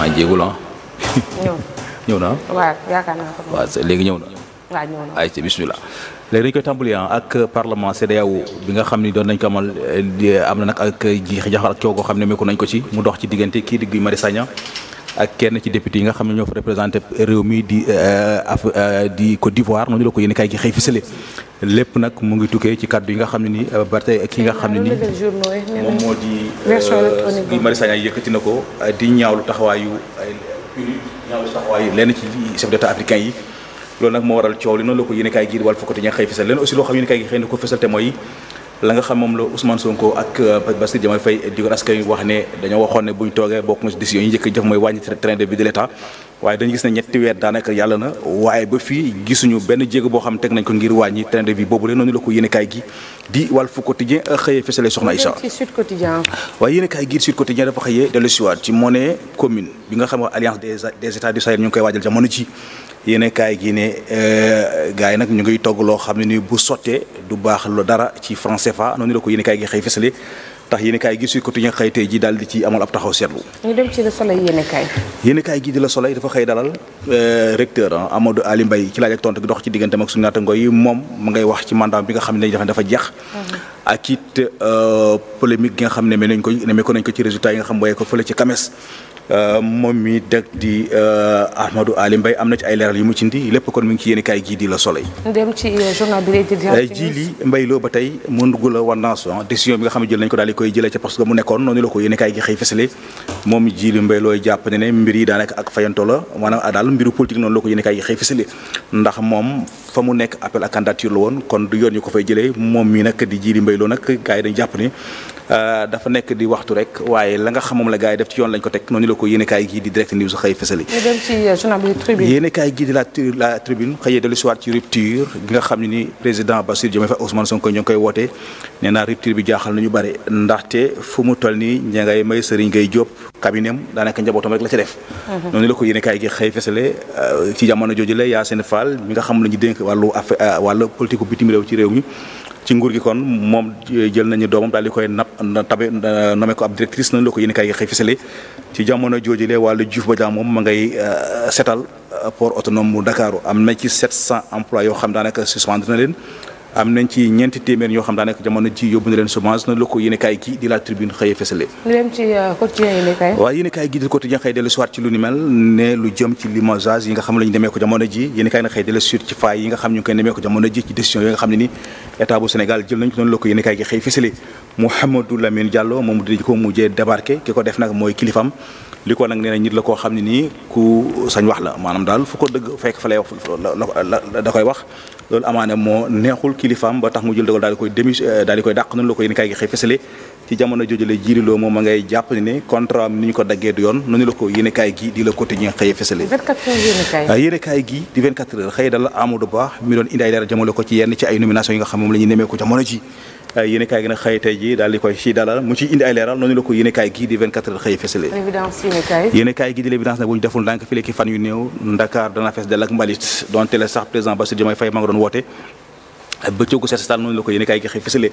maa jéegul ah. ñëw na ah. waaw yaakaar léegi ñëw na. waaw ñëw na ayca bisimilah. léegi dañu koy tàmbali ah ak parlement CEDEAO bi nga xam ni doon nañ ko amal eh, am na nag ak jiixi jaxal ak coow goo xam ne meeku nañ ko ci mu dox ci diggante kii di Guy Marius ak kenn ci député yi nga xam ne ñoo fa représenté réew mi di euh, euh, af euh, di Côte d'Ivoire noonu la ko yéen kaay gi xëy fësale lépp nag mu ngi tukkee ci kàddu yi nga xam ne ni ba tey ki nga xam ne ni moom moo di di Mari Sagna yëkkati na ko di ñaawlu taxawaayu ñaawlu taxawaayu lenn ci chef d'état africain yi loolu nag ko yéen kaay gi leen aussi loo xam yéen kaay gi xëy na ko fësal te mooy la nga xam moom la Ousmane Sonko ak euh, Bassirou Diomaye Faye di askan wax ne dañoo waxoon ne buñ toogee bokk na ci décision yi njëkk a jëf mooy wàññi train de vie de l'État waaye dañu gis ne ñetti weer daanaka yàlla na waaye ba fii gisuñu benn jéego boo xam teg nañ ko ngir wàññi train de vie boobu la noonu la ko yéenekaay gi di Walf Quotidien xëyee fësale soxna Aïcha waaye yéenekaay gi Sud Quotidien dafa xëyee dellu siwaat ci monnaie commune bi nga xam yéen kaay gi ne euh, gars yi nag ñu ngi togg loo xam ne ni bu sottee du baax lu dara ci franc CFA noonu la ko yéen kaay gi xëy fësale tax yéen gi su ko tuñu xëy ji daal di ci amal ab taxaw seetlu. ñu dem ci le soleil gi di le soleil dafa xëy dalal euh, recteur Amadou Ali Mbaye ci laaj ak tontu gi dox ci diggante mag suñu naataangoo yi moom mu ngay wax ci mandat bi nga xam ne dafa jeex. Mhm. ak it euh, polémique gi nga xam ne nemmeeku nañ ko nemmeeku nañ ko ci résultat yi nga xam mooy ko fële ci CAMES. Euh, moom mi dëkk di euh, Ahmadou Ali Mbaye am na ci ay leeral yu mu ci indi lépp kon mu ngi ci yéen kaay gii di la Soleil. dem ci euh, journal ba tey mënugul a wan naa décision bi nga xam jël nañ ko daal di koy jëlee ca parce que mu nekkoon noonu la ko yéen kaay gi xëy fësale moom ji li jàpp ne ne mbir yi daanaka ak fayanto la a daal mbiru politique noonu la ko yéen kaay gi xëy fësale ndax moom fa mu nekk appel à candidature la woon kon du yoon ñu ko fay jëlee moom mi nag di ji li loo nag gars yi dañ Euh, dafa nekk di waxtu rek waaye la nga xam moom la gars yi def ci yoon lañ ko teg noonu la ko yéenekaay gii di direct news xëy fësali euh, yéenekaay gii di la tribune xëyee dellu siwaat ci rupture gi nga xam ne ni président Bassirou Diomaye Faye Ousmane Sonko ño ngi koy woote nee naa rupture bi jaaxal nañu bare ndaxte fu mu toll nii ña ngay may sëriñ ngay jóob cabinetam daanaka njabootam rek la ci def mhm. noonu la ko yéenekaay gi xëy fësale euh, ci jamono jooju la Yacine Fall ci nguur gi kon moom jël nañu doomam daal di koy nap tabe name ko ab directrice na la ko yéen kay xëy fisale ci jamono joojulee wàllu Diouf Badiane moom ma ngay euh, seetal euh, pour autonome bu ndakaaru am na ci cent emplois yoo xam daanaka suspendre na leen am nañ ci ñeenti téeméer ñoo xam daanaka jamono ji yóbbu na leen semence na la ko yéen gi di la tribune xëyee fesale euh, waaw yéen gi di xam ne la ñu demee ko jamono ji yéen kaay na ci faay yi nga xam ñu ngi koy demee ko jamono ji ci décision yi nga xam ne ni état bu Sénégal jël nañ ko noonu la ko yéen kaay gi xëy fesale Mouhamadou Lamine Diallo moom di ko mujjee débarqué ki ko def nag mooy kilifam li ko nag nee na la koo xam ne nii ku sañ wax la maanaam daal fu ko dëgg fekk fa loolu amaane moo neexul kilifaam ba tax mu jël dogal daal di koy démis euh, daal di koy dàq noonu la ko yéen kaay gi xëy fësale ci jamono jojule jiiriloo moom a ngay jàpp ni contrat am ni ñu ko daggee du yoon noonu la ko yéen gi di la quotidien xëy fësale yéen kaay euh, gi di 24 dal Amadou Ba mi doon indi ay dara jëmale ko ci yenn ci ay nomination yi nga xam moom la nemee ko jamono ji Euh, yéenekaay gi nag xëy tey ji daal di koy ci dalal mu ci indi ay leeral noonu la ko yéenekaay gi di 24 heures xëy fësale gi di l'évidence nag bu ñu deful ndànk fii ki fan yu néew Dakar dana fees dell ak mbalit donte la sax président Bassirou Diomaye Faye ma nga doon woote bëccëgu seet seetaan noonu la ko yéenekaay gi xëy fësale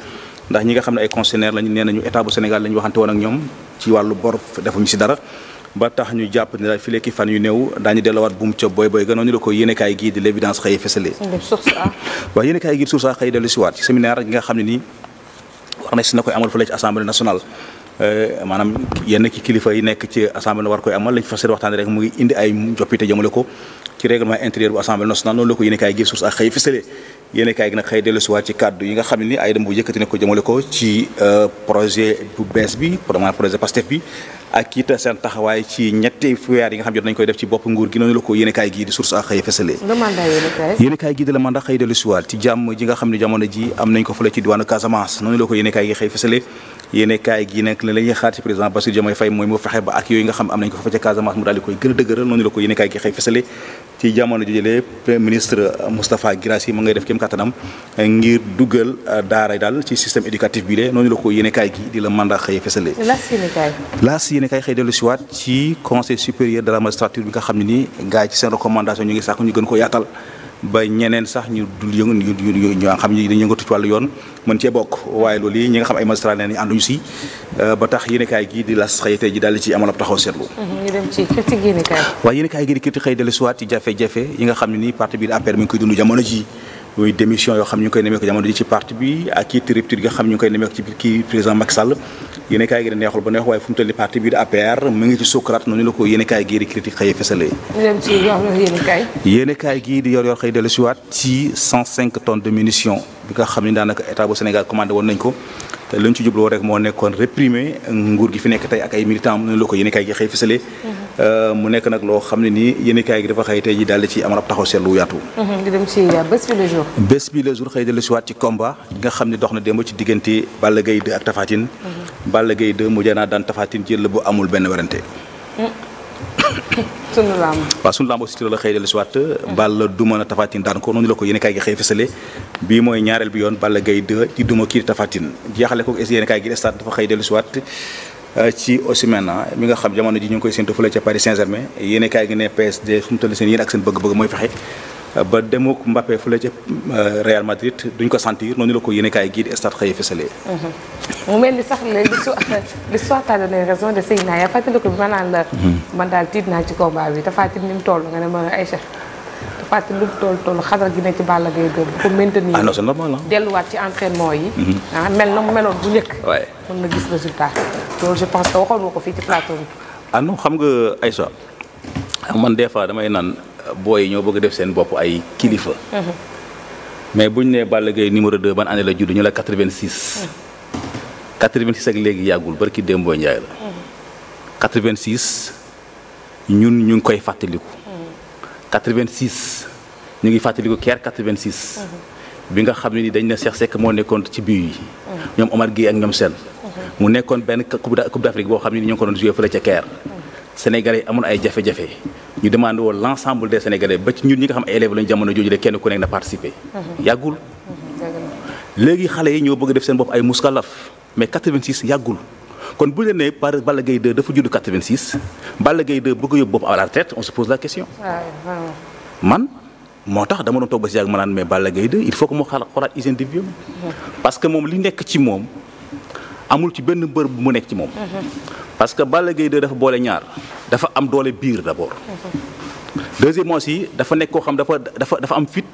ndax ñi nga xam ne ay concessionnaire lañu nee nañu état bu Sénégal la waxante woon ak ñoom ci wàllu bor defuñu ci dara ba tax ñu jàpp ne daal fi lekki fan yu néew daañu delluwaat buum ca boy boy gënoon ñu la ko yéenekaay gii di l'évidence xëy fësale waaw yéenekaay gii source xëy dellu si waat ci séminaire nga xam ne nii war na si na koy amal fële ci assemblée nationale euh, maanaam yenn ci kilifa yi nekk ci assemblée war koy amal lañ fas yéene waxtaanee rek mu ngi indi ay joppite jëmale ko ci règlement intérieur bu assemblée nationale noonu la ko yéenekaay gii source yéen kaay gi nag xëy dellusiwaat ci kàddu yi nga xam ni ay dem bu yëkkati ko jëmale ko ci euh, projet bu bees bi projet PASTEF bi ak it seen taxawaay ci ñetti weer yi nga xam jot jamono ji am nañ ko fële ci diwaanu Casamance noonu la ko yéen gi xëy fësale yéen gi nag la lañuy xaar ci président Bassirou Diomaye Faye mooy mu fexe ba ak yooyu nga xam am nañ ko fa ca Casamance mu daal koy gën a dëgëral noonu la ko yéen gi xëy fësale ci jamono jujëlee premier ministre Moustapha Guirassy ma ngay def kéem kattanam ngir duggal euh, daara daal ci système éducatif bi lee noonu la ko yéenekaay gi di la mandat xëy fësale laas yéenekaay xëy dellu siwaat ci conseil supérieur de magistrature bi nga xam ne ni gars yi ci seen recommandation ñu ngi sàkk ñu gën ko yaatal ba ñeneen sax ñu dul yëngu ñu ñu xam ñu dañu yëngatu ci wàllu yoon mën cee bokk waaye loolu yi nga xam ay magistrat nee nañu ànduñu si euh, ba tax yéenekaay gi di las xëy ji daal ci amal ab taxaw seetlu. Mhm, ñu dem ci gi di critique xëy dellusiwaat ci yi nga xam ne parti bi APR mi ngi koy dund jamono ji muy démission yoo xam ñu ngi koy nemmeeku jamono ji ci parti bi ak it rupture nga xam ñu koy nemmeeku ci kii président Macky Sall yéen neexul ba neex waaye fu mu toll parti bi di APR mu ngi ci sukuraat noonu la ko yéen kaay di yor yor xëy dellu si waat ci 105 de munitions bi nga xam ne daanaka état bu Sénégal commandé woon nañ ko luñ ci jubloo rek moo nekkoon réprimer nguur gi fi nekk tey ak ay militants noonu la ko yéen gi xëy fësalee mhm. Euh, mu nekk nag loo xam ne ni yéenekaay gi dafa xëy tey ji daal ci am ab taxaw seetlu yaatu. Mhm, di euh, bés bi le jour. bés bi le si waat ci combat nga xam ne dox na démb ci diggante Balla Gaye 2 ak Tapha Tine. Mhm. Balla Gaye 2 mu jaanaa daan Tapha Tine jël bu amul benn werante. Mm. sunu lamb waaw sunu lamb aussi la xëy dellu si waat Balla duma na Tapha daan ko noonu la ko yéenekaay gi xëy fësale bii mooy ñaareel bi yoon Balla Gaye 2 di duma kii Tapha Tine ko yéenekaay gi stade dafa xëy dellu ci Osimhen ah, mi nga xam jamono ji ñu ngi koy séntu fële ca Paris Saint-Germain yéene kaay gi ne PSG fu mu seen yéen ak seen bëgg-bëgg mooy fexe ah, ba demook Mbappé fële ca ah, Real Madrid duñ ko sentir noonu la ko yéene kaay gii di stade mu mel ni sax l'histoire t'a donné raison de Seyna yaa fàttaliku bi ma naan la. Mhm. man daal tiit naa ci combat bi dafa tiit ni mu nga ne ma Aïcha Fatou lu mu toll toll xadar gi ne ci Balla Gaye doon bu ko maintenir. Ah delluwaat ci entraînement yi. Mhm. Ah, mel na mu meloon bu njëkk. waay mën na gis résultat loolu je pense que waxoon nga ko fii ci plateau bi. ah xam nga ay Aïssa man des fois damay naan booy yi ñoo bëgg def seen bopp ay kilifa. Mhm. mais bu ñu nee Balla Gaye numéro 2 ban année la judd ñu la 86. 86 ak léegi yàggul barki démboo Ndiaye la. 86 mhm. ñun ñu ngi koy fàttaliku. 86 ñu ngi fàttaliku Caire 86. bi nga xam ne ni dañ ne Cheikh Seck moo nekkoon ci biir yi. ñoom Omar Gueye ak ñoom seen mu nekkoon benn coupe d'Afrique boo xam ne ni ñoo ngi ko doon joué fële ca Caire. Sénégalais yi amoon ay jafe-jafe ñu demandé woon l'ensemble des Sénégalais ba ci ñun ñi nga xam ay élèves lañu jamono jooju de kenn ku nekk na participé. yàggul léegi xale yi ñoo bëgg def seen bopp ay muskalaf mais 86 yàggul. kon bu ñu nee par Balla Gaye 2 dafa judd 86 Balla Gaye 2 bëgg a moo tax dama doon toog ba si yàgg ma naan mais parce que moom li nekk ci moom amul ci benn mbër bu mu nekk ci moom. Mm-hmm. parce que Balla Gaye 2 dafa boole ñaar dafa am doole biir d' abord. Mm-hmm. deuxième aussi dafa nekk koo xam dafa dafa dafa am fit.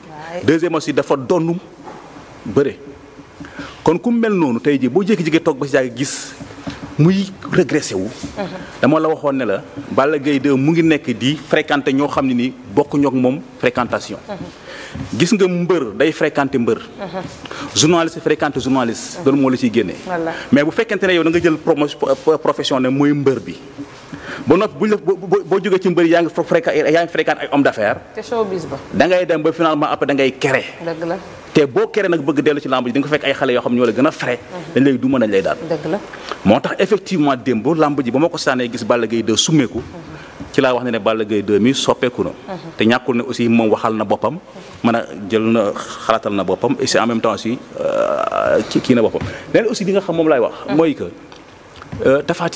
deuxième aussi dafa donnu bëre. kon ku mel noonu tey jii boo jékki-jékki toog ba si yàgg gis muy régressé wu. dama la waxoon ne la. Balla Gaye 2 mu ngi nekk di fréquenté ñoo xam ne ni bokkuñu ak moom fréquentation. gis nga mbër day fréquenté mbër. journaliste fréquenté journaliste. loolu moo la ciy génne mais bu fekkente ne yow da nga jël promo profession ne mooy mbër bi. ba noppi bu ñu boo jógee ci mbëri yaa ngi yaa ngi fréquente ay homme d'affaires. te dem ba finalement après da kere. te boo kere nag bëgg dellu ci lamb ji di nga fekk ay xale yoo xam ñoo la gën a frais. Mhm. dañ lay duma dañ lay daal. dëgg la moo tax effectivement démb lamb ji ba ma ko saanee gis Balla Gaye 2 summeeku. Mhm. ci laa wax ne ne Balla Gaye 2 mi soppeeku na. Mhm. te ñàkkul ne aussi moom waxal na boppam. mën a jël na xalaatal na boppam et c'est en même temps aussi euh, kii na boppam leneen aussi li nga xam moom laay wax. mooy que euh, Tapha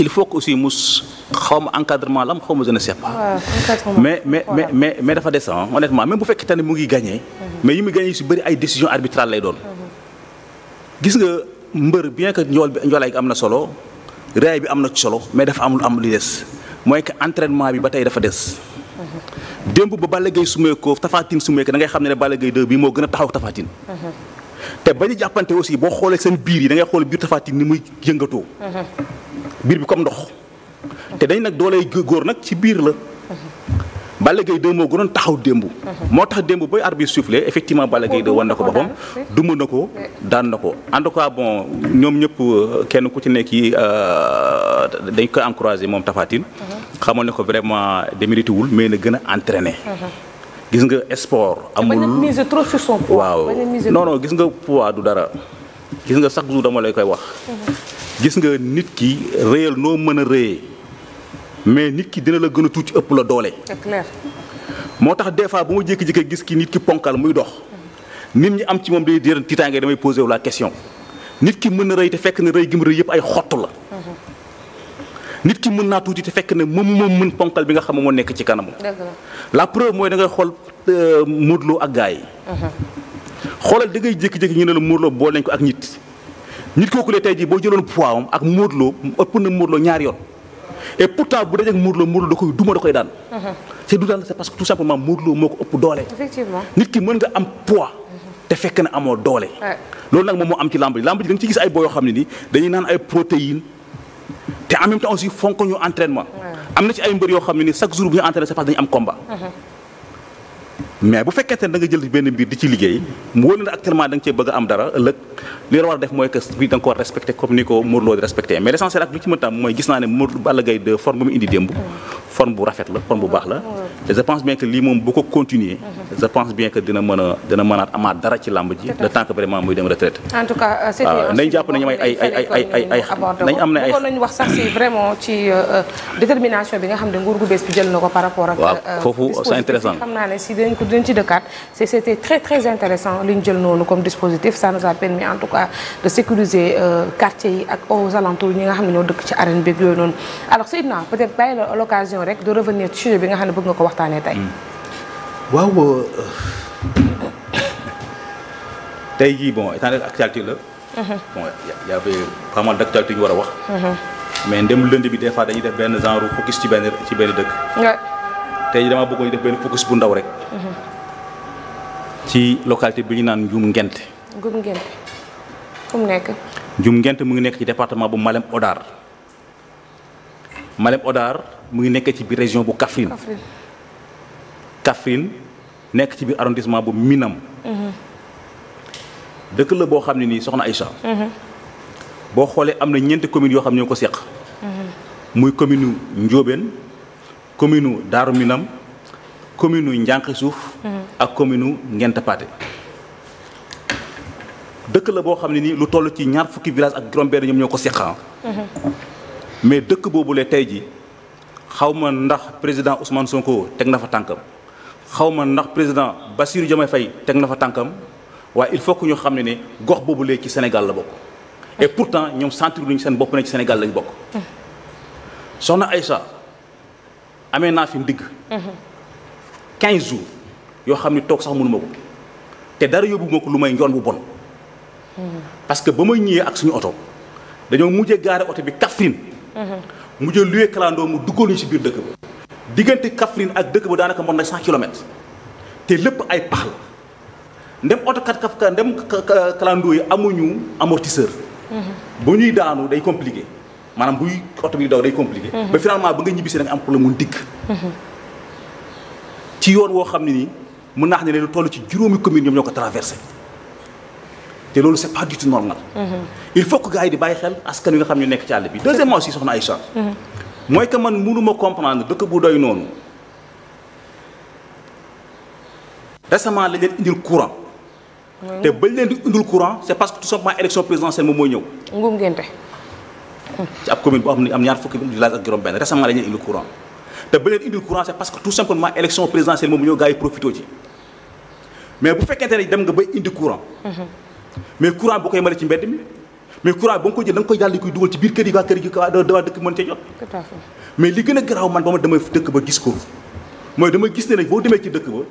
il faut que aussi mu xaw encadrement la am xaw ma je mais mais mais mais mais dafa des ah bu fekkee ne mu ngi gagné. Mhm. mais yi muy gagné si bëri ay décision arbitrale lay doon. Mhm. gis nga mbër bien que njool bi njoolaay am na solo raay bi am na ci mais dafa am lu am lu des mooy que entraînement bi ba tey dafa des. Mhm. démb ba Balla Gaye sumeekoo Tafatine sumeekoo da ngay xam ne ne Balla Gaye bi moo gën a taxaw Tafatine. te bañu jàppante aussi boo xoolee seen biir yi da ngay biir bi comme ndox te dañ nag dooley góor nag ci biir la. Balla Gaye 2 moo gënoon taxaw démb. moo tax démb bay arbitre soufflé effectivement Balla Gaye 2 wan na ko boppam. duma na ko daan na ko en tout cas bon ñoom ñëpp euh, kenn ku ci nekk yi euh, dañ koy encouragé moom Tapha Tine. xamal ne ko vraiment démérité wul mais na gën a gis nga sport amul a miser trop sur son poids. waaw non gis nga poids du dara gis nga chaque jour dama lay koy wax. gis nga nit ki réyal noo mën a réyee mais nit ki dina la gën a tuuti ëpp la doole. c'est moo tax des fois bu ma jékki-jékki gis ki nit ki ponkal muy dox nit ñi am ci moom day diir tiitaange damay posé wu la question nit ki mën na rëy te fekk ne rëy gi rëy yëpp ay xott la. nit ki mën naa tuuti te fekk ne moom moom mën ponkal bi nga xam moo nekk ci kanamu. la preuve mooy da ngay xool euh, ak gars yi. Uh-huh. xoolal da ngay jékki-jékki ñu ne la Modou Lo boole ko ak nit. nit kooku lee tey jii boo jëloon poids am ak Modou Lo ëpp na Modou Lo yoon et pourtant bu dajee ak Modou da koy duma da koy daan. Mhm. c' du daan c' est parce que tout simplement Modou moo ko ëpp doole. effectivement ki mën nga am poids. te fekk na amoo doole. loolu nag moom moo am ci lamb ji lamb da nga ci gis ay boo yoo xam ne nii dañuy naan ay protéines te en même temps am na ci ay mbër yoo xam ne nii chaque jour bu ñu entraîné c' dañu am combat. Mhm. mais bu fekkente ne da nga jël benn mbir di ci liggéey mu wóor na nga cee bëgg am dara ëllëg li nga war a def mooy que bi da nga ko war respecté comme ni ko Modou Lo di respecté mais l'essentiel ak lu ci mën tam mooy gis naa ne Modou Balla Gaye de forme bu mu indi démb forme bu rafet la forme bu baax la te je pense bien que lii moom bu ko continuer je pense bien que dina mën a dina mën a amaat dara ci làmb ji le temps que vraiment muy dem retraite en tout cas euh, waaw nañ jàpp nañu am ay ay ay ay ay ay nañ am na ay nañ wax sax si vraiment ci euh, euh, détermination bi nga xam ne nguur gu bees bi jël na ko par rapport ak waaw foofu c'est intéressant xam naa ne si dañ ko dinañ ci dëkkaat c'était très très intéressant li ñu jël noonu comme dispositif ça nous a permis en tout cas fois de sécuriser euh, quartier yi ak aux alentours ñi nga xam ne ñoo dëkk ci arène beeg yooyu noonu alors Seydina peut-être bàyyi la l'occasion bi nga xam ne bëgg nga ko waxtaanee tey. Hmm. waaw euh, tey jii bon étant donné actualité la. Mhm. bon y avait pas mal d'actualité ñu war a wax. Mhm. mais ndem lënd bi des fois def benn genre focus ci benn ci benn dëkk. tey dama bëggoon ñu def benn focus bu ndaw rek. Mhm. ci localité bi ñu naan Ndioum Ngente. Ndioum Ngente. fu mu nekk. Ngent mu ngi nekk ci département bu Malem Odar Malem Odar mu ngi nekk ci biir région bu Kaffrine. Kaffrine nekk ci biir arrondissement bu Minam. Mhm. dëkk la boo xam ne nii soxna Aïcha. Mhm. boo xoolee am na ñeenti communes yoo xam ne ñoo ko seq. Mhm. muy commune nu Ndiobène commune nu Darou Minam commune nu Suuf. ak commune Ngent Paté dëkk la boo xam ne nii lu toll ci ñaar fukki village ak juróom-benn ñoom ñoo ko seqan mais dëkk boobu boobule tey ji xaw ma ndax président Ousmane Sonko teg na fa tànkam xaw ma ndax président Bassirou Diomaye Faye teg na fa tànkam waaye il faut que ñu xam ne ne gox boobu boobule ci Sénégal la bokk et pourtant ñoom sentir luñu seen bopp ne ci Sénégal lañ bokk soxna Aïcha amee naa fi ndigg 15 jours yoo xam ne toog sax mënuma ko te dara yóbbu ma ko lu may njoon bu bon parce que ba ma ñëwee ak suñu oto dañoo mujjee gaare oto bi Kaffrine. Mhm. mujjee luye kalandoo mu duggoon ñu si biir dëkk ba. diggante Kaffrine ak dëkk ba daanaka mën na 100 kilomètres te lépp ay pax la ndem oto kat kaf ndem kalandoo yi amuñu amortisseur. Mhm. bu ñuy daanu day compliqué maanaam buy oto bi daw day compliqué. Mhm. ba finalement ba nga ñibbisee da nga am problème mu dikk. ci yoon woo xam ne nii mën naa xam ne lu toll ci juróomi commune ñoom ñoo ko traversé. te loolu c'est pas du tout normal. Mm-hmm. il faut que yi di bàyyi xel askan wi nga xam nekk ci àll bi. deuxièmement aussi soxna Aïcha. Mm-hmm. mooy que man mënuma comprendre dëkk bu doy noonu. récemment lañ leen indil courant. te bañ leen di indil courant c'est parce que tout simplement élection présidentielle moom mooy ñëw. ngum ngente. ci ab commune boo xam ne am ñaar fukki village ak juróom-benn récemment lañ indil courant te bañ leen indil courant c'est parce que tout simplement élection présidentielle mais bu fekkente ne dem nga bay indi courant. Mm-hmm. mais courant boo ko yemale ci mbedd mi mais courant ba nga ko jël da nga koy daal di koy dugal ci biir kër yi waa kër dëkk mën ca mais li gën a garaaw man ba ma demee dëkk ba gis ko mooy dama gis ne nag boo demee ci dëkk ba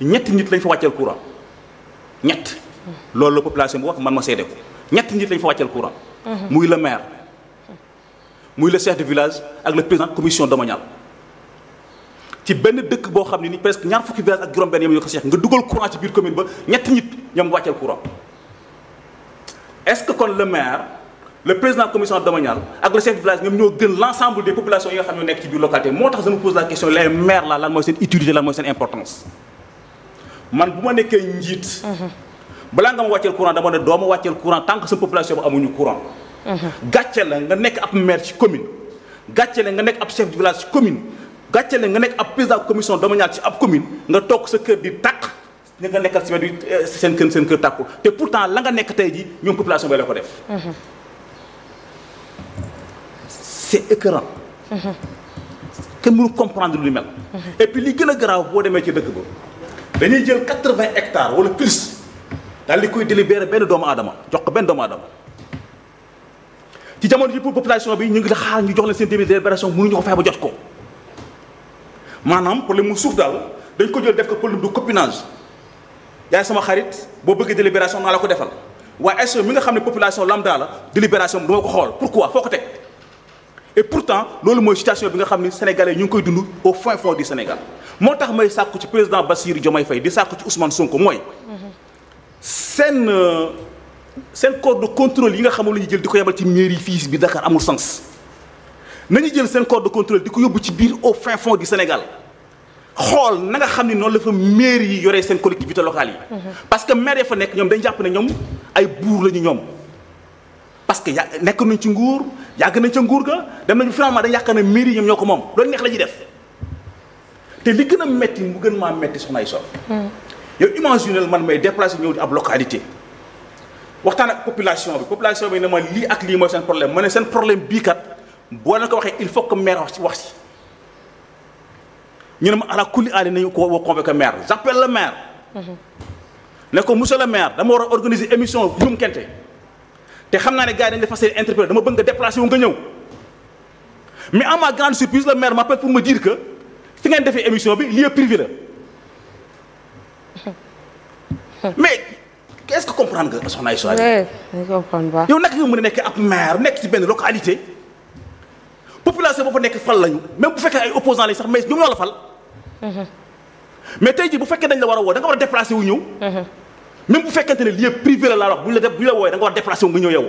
ñetti nit lañ fa wàcceel courant ñett loolu la population bu wax man ma seede ko ñetti nit lañ fa wàcceel courant mhm. muy le maire muy le chef de village ak le président commission domaniale ci benn dëkk boo xam ne ni presque ñaar fukki village ak juróom-benn yam yoo ko seex nga dugal courant ci biir commune ba ñetti nit ñoom wàcceel courant est-ce que kon le maire le président commission domaniale ak le chef de village ñoom ñoo gën l'ensemble xam ne nekk ci biir localité moo tax je la lan mooy seen utilité lan mooy seen importance man bu ma nekkee njiit balaa nga ma wàcceel courant dama ne doo ma wàcceel courant tant que sa population amuñu courant gàcce la nga nekk ab maire ci commune gàcce la nga nekk ab chef de village ci commune gàcce la nga nekk ab président commission domaniale ci ab commune nga toog sa kër di tàq ñi nga euh, bi la ko def. Mhm. c'est mhm. mhm. a garaaw boo ci dëkk ba dañuy jël quatre plus daal di koy délibéré benn doomu aadama jox ko benn doomu aadama. ci jamono ji pour population bi ñu ngi xaar ñu jox leen seen début délibération mënuñu ko fexe ba jot ko. maanaam problème mu suuf daal dañ ko jël def ko problème du copinage yaay sama xarit boo bëggee délibération naa la ko defal waaye est-ce nga xam ne population lam la délibération bi dama ko xool pourquoi foo ko teg et pourtant loolu mooy situation bi nga xam ne sénégalais ñu ngi koy dund au fin fond du Sénégal moo tax may sàkku ci président Bassirou Diomaye Faye di sàkku ci Ousmane Sonko mooy seen euh, seen corps de contrôle yi nga xamul la ñu jël di ko yebal ci mairie fii bi Dakar nañu jël seen corps de contrôle di ko yóbbu ci biir au fin fond du Sénégal xool na xam ne noonu la fa maire yi yoree seen collectivité locale yi. Mhm. parce que maire ya fa nekk ñoom dañ jàpp ne ñoom ay buur lañu ñoom. parce que ya nekk nañ ci nguur yàgg nañ ca nguur ga dem nañu finalement dañ yaakaar ne maire yi ñoom ñoo ko moom loolu neex la ñuy def te li gën a metti mu gën maa metti soxna ay sol mhm. yow imaginel man may déplacé ñëw di ab localité waxtaan ak population bi population bi ne ma lii ak ne seen problème bii boo leen ko waxee il faut que maire wax ci wax ñu ne ma ala kulli aali nañu ko woo convoqué maire j'appelle le maire. Mm-hmm. ne ko monsieur le maire dama war a émission Ndioum Kente te xam naa ne gars yi dañu la dama bëgg nga déplacé wu nga ñëw mais à ma grande surprise le maire m'appelle pour me dire que fi ngeen defee émission bi lieu privé mais est que comprendre nga soxna Aïssa. oui yow naka nga mën a nekk ab maire nekk ci benn localité. population ba fa nekk fal lañu même bu fekkee ay opposants lañ sax mais ñoom ñoo la fal. mais tey jii bu fekkee nañ la war a woo da war a déplacé wu ñëw. même bu fekkente ne lieu privé la laa wax bu ñu la wooyee da war a déplacé wu nga ñëw yow.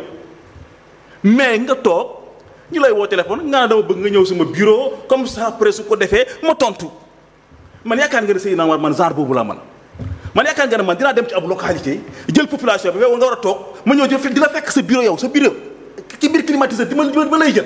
mais nga toog ñu lay woo téléphone nga ne dama bëgg nga ñëw ma bureau comme ça après su ko defee ma tontu man kaan nga ne Seydina Omar man genre boobu laa man. man yaakaar nga ne man dinaa dem ci ab localité jël population bi mais a toog ma ñëw jël sa bureau yow sa bureau ma lay jël.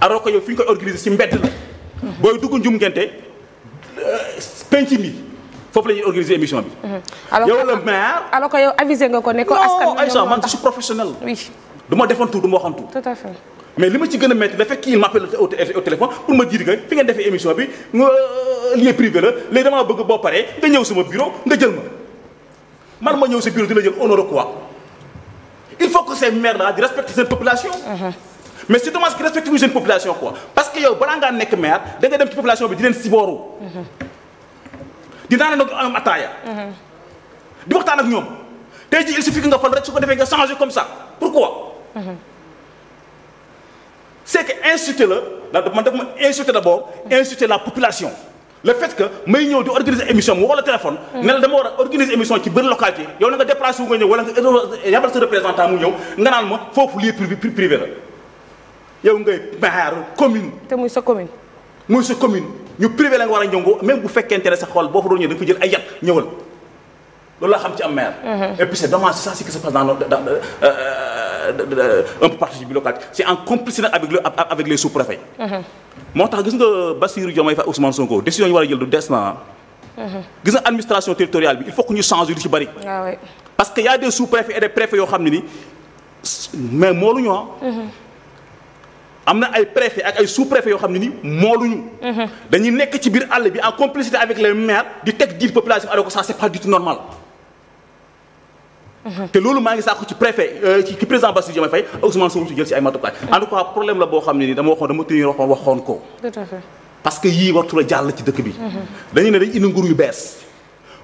alors que yow fi ñu koy organiser ci mbedd la. booy dugg njum ngente euh, penc mi foofu la ñuy organiser émission bi. Mhm. yow la maire alors que yow avisé nga ko ne ko. askan wi man je suis professionnel. oui du ma defantu du ma waxantu. tout à fait. mais li ma ci gën a métti dafa kii m'appelle au téléphone pour ma dire que fi ngeen defee émission bi nga euh, lieu privé la léegi damaa bëgg boo paree nga ñëw sama bureau nga jël ma man ma ñëw sa bureau dina la jël honneur quoi il faut que ces maires là di mais c'est dommage que respecté wuñu seen population quoi parce que yow balaa ngaa nekk maire da dem ci population bi di leen sibooru. di naan nag am ataaya. di waxtaan ak ñoom tey jii il suffit que nga fal rek su ko defee nga changer comme ça pourquoi. c'est que insulter la da man daf ma insulter d'abord insulter la population. le fait que may ñëw di organiser émission mu wala téléphone. ne dama war a émission ci bëri localité yow na nga déplacé wu nga yow ngay maire commune. te muy sa commune. muy sa commune ñu privé la nga war a ñëw même bu fekkente ne sa xol boo fa doon ñëw da fa jël ay yat ñëwal loolu laa xam ci am maire. Mhm. et puis c'est dommage ça c'est que bi euh, euh, local c'est en mhm. moo tax gis nga Bassirou Diomaye Faye Ousmane Sonko décision yi war a jël du des na mhm. gis nga administration territoriale bi il faut que ñu changer lu ci bari. Ah parce que y a des sous-préfets et des préfets yoo xam ne ni mais mooluñu ah. am na ay préfet ak ay sous-préfet yoo xam ne ni mooluñu mhm. dañuy nekk ci biir àll bi en complicité avec les maires di teg jiit population alors que ça c'est pas du tout normal mhm. te loolu maa ngi sàkku ci préfet euh, ci président Bassirou Diomaye Faye ak Ousmane Sonko ci jël si ay matukaay mhm. en tout cas problème la boo xam ne ni dama waxoon dama tënk waxoon waxoon ko parce que yii wartu la jàll ci dëkk bi dañuy ne dañ indi nguur yu bees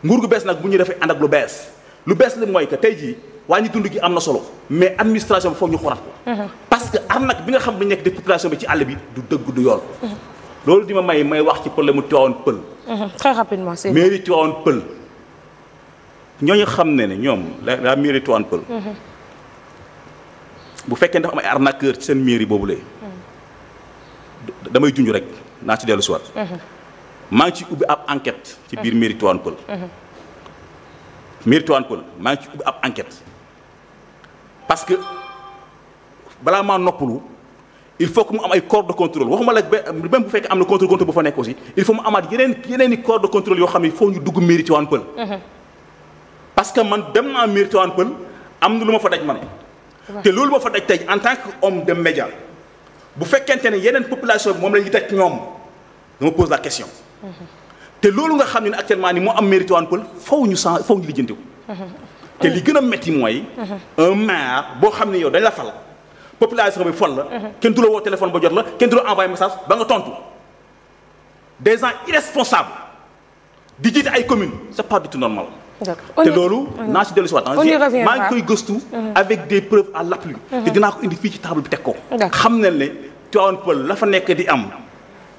nguur gu bees nag bu ñu defee ànd ak lu bees lu bees li mooy que tey jii wàññi dund gi am na solo mais administration bi foog ñu xoraat ko. Mhm. parce que arnaque bi nga xam ne nekk di population bi ci àll bi du dëgg du yoon. Mhm. loolu di ma may may wax ci problème mu Tivaouane Pël. Mhm. très rapidement c'est mairie Tivaouane Pël ñooñu xam ne ne ñoom la la mairie Tivaouane Pël. bu fekkee dafa am ay arnaqueur ci seen boobu boobule. damay junj rek naa ci dellu si waat. maa ngi ci ubbi ab enquête. ci biir mairie Tivaouane Pël. mairie Tivaouane Peulh maa ngi ci ubbi ab enquête parce que balaa maa noppalu il faut que mu am ay corps de contrôle waxuma la même bu fekkee am na contrôle contrôle bu fa nekk aussi il faut mu amaat yeneen yeneen i corps de contrôle yoo xam ne foo ñu dugg mairie mhm. parce que man dem naa mairie Tivaouane Peulh am na lu ma fa daj man te loolu ma fa daj tey en tant que homme de média bu fekkente ne yeneen population bi moom la ñuy daj ñoom dama pose la question mhm. te loolu nga xam ne actuellement ni moo am mairie Tivaouane Peulh faw ñu sans faw ñu lijjanti ko te li gën a métti mooy un maire boo xam ne yow dañ la fal population bi fol la kenn du la woo téléphone ba jot la kenn du la envoyé message ba nga tontu des gens irresponsables di jiite ay commune sa pas du tout normal te loolu naa si dellu si maa ngi koy gëstu mhm. avec des preuves à l'appui te mhm. dinaa ko indi fii ci table bi teg ko xam ne ne Tivaouane la fa nekk di am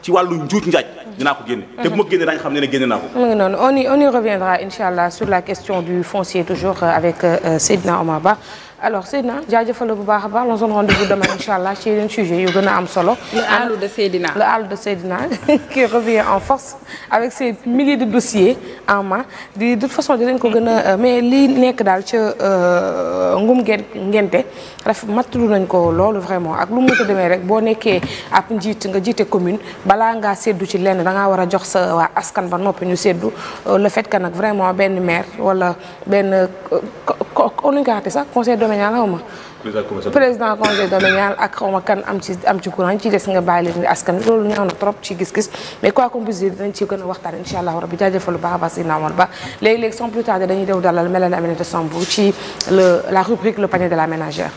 ci wàllu njuuj njaaj dinaa ko génne te bu ma génne daañu xam ne ne génne naa ko mu ngi noonu on y on y reviendra incha allah sur la question du foncier toujours euh, avec euh, Seydina Omar Ba alors Seydina jaajëfal bu baax a baax la zone rendez-vous demain incha allah ci yeneen sujet yu gën a am solo. le halo de Seydina le halo de Seydina de dossiers en main di de toute façon dinañ ko gën a euh, mais li nekk daal ca euh, ngum ngeen ngente raf mattalu nañ ko loolu vraiment ak lu mu mënta demee rek boo nekkee ab njiit nga jiite commune balaa ngaa seddu ci lenn da ngaa war a jox sa waa askan ba noppi ñu seddu euh, la fait nag vraiment benn maire wala benn ko ko nu domanial xaw ma. président conseil domanial ak xaw ma kan am ci am ci courant ci des nga bàyyi leen askan wi loolu ñaaw na trop ci gis-gis mais quoi qu'on puisse dire dinañ ci gën a waxtaan incha allah rabbi jaajëfal lu baax a baax si naawal ba léegi-léegi sans plus tarder dañuy dew dalal Mélanie Aminata Sambou ci le la rubrique le panier de la ménagère